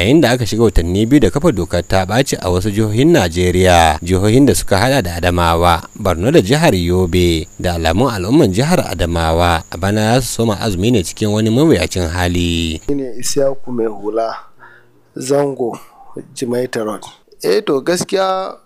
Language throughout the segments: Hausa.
yayin da aka shiga watanni biyu da kafa dokar ta ɓaci a wasu jihohin najeriya jihohin da suka hada da adamawa borno da jihar yobe da alamun al'umman jihar adamawa a bana za su soma azumi ne cikin wani mawuyacin hali ne isiyaku mai hula zango jimaitarot eh to gaskiya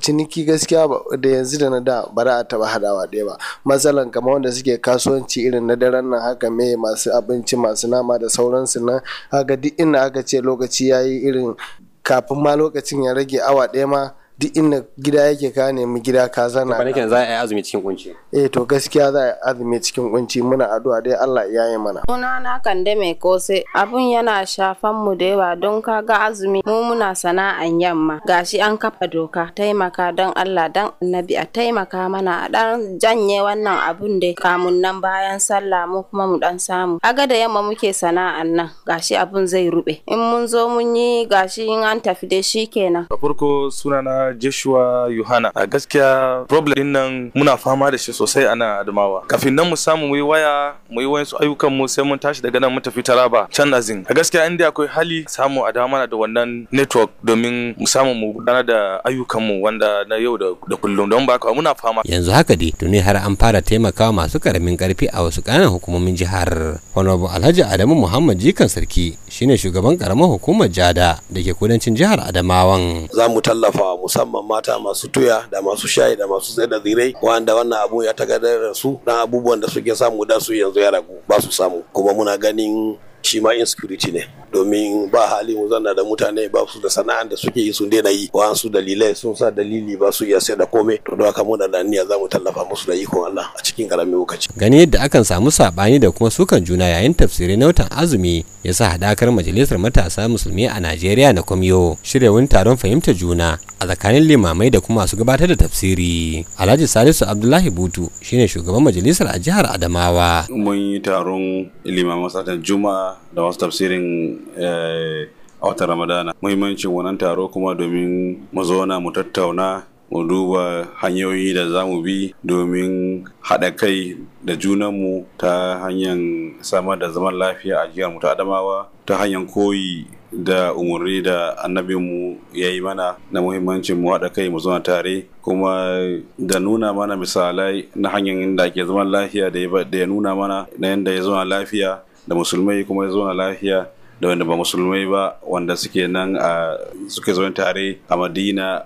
ciniki gaskiya da yanzu da na da ba za a taba hadawa ɗaya ba matsalan kamar wanda suke kasuwanci irin na daren nan haka me masu abinci masu nama da sauransu nan haka duk inda aka ce lokaci yayi irin kafin ma lokacin ya rage awa ɗaya ma duk inda gida yake ka nemi gida ka zana ba nake za a yi azumi cikin kunci eh to gaskiya za a yi azumi cikin kunci muna addu'a dai Allah ya yi mana kuna na kande mai kose abun yana shafan mu da yawa don kaga azumi mu muna sana'an yamma gashi an kafa doka taimaka don Allah dan annabi a taimaka mana a dan janye wannan abun da kamun nan bayan sallah mu kuma mu dan samu aga da yamma muke sana'an nan gashi abun zai rube in mun zo mun yi gashi in an tafi da shikenan kenan farko suna Joshua Yohana. A gaskiya problem din nan muna fama da shi sosai ana Adamawa. Kafin nan mu samu mu yi waya mu yi wayansu ayyukan mu sai mun tashi daga nan mu tafi Taraba can Azin. A gaskiya inda akwai hali samu a dama da wannan network domin mu samu mu gudanar da ayyukan mu wanda na yau da kullum don ba muna fama. Yanzu haka dai tuni har an fara taimakawa masu karamin karfi a wasu kananan hukumomin jihar. Honorable Alhaji Adamu Muhammad Jikan Sarki shine shugaban karamar hukumar Jada da ke kudancin jihar Adamawan. Za mu tallafa musa musamman mata masu tuya da masu shayi da masu tsaye da zirai wanda wannan abu ya tagadar su dan abubuwan da suke samu da su yanzu ya ragu ba su samu kuma muna ganin shi ma insecurity ne domin ba halin mu zanna da mutane ba su da sana'an da suke yi su daina yi su dalilai sun sa dalili ba su iya sai da komai to don haka muna da niyya za mu tallafa musu da ikon Allah a cikin karamin lokaci gani yadda akan samu sabani da kuma sukan juna yayin tafsirin na watan azumi ya sa hadakar majalisar matasa musulmi a Najeriya na kwamiyo shirya wani taron fahimtar juna a tsakanin limamai da kuma su gabatar da tafsiri Alhaji Salisu Abdullahi Butu shine shugaban majalisar a jihar Adamawa mun yi taron limaman satan juma'a da wasu tafsirin Eh, a watan ramadana muhimmancin wannan taro kuma domin mu zauna mu tattauna mu duba hanyoyi da za mu bi domin haɗa kai da junanmu ta hanyar samar da zaman lafiya a jihar ta adamawa ta hanyar koyi da umarni da annabinmu ya yi mana na muhimmancin mu haɗa kai mu zauna tare kuma da nuna mana misalai na hanyar da ake zaman lafiya da ya nuna mana na yadda ya zauna lafiya da musulmai kuma ya zauna lafiya da wanda ba musulmai ba wanda suke nan a suke zaune tare a madina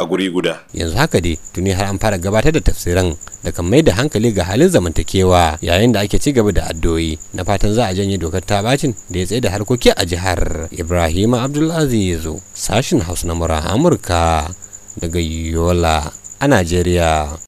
a guri guda yanzu haka dai tuni har an fara gabatar da tafsiran da kan mai da hankali ga halin zamantakewa yayin da ake ci gaba da addu'o'i na fatan za a janye dokar tabacin da ya tsaye da harkoki a jihar ibrahim abdulaziz sashin hausa na mura amurka daga yola a najeriya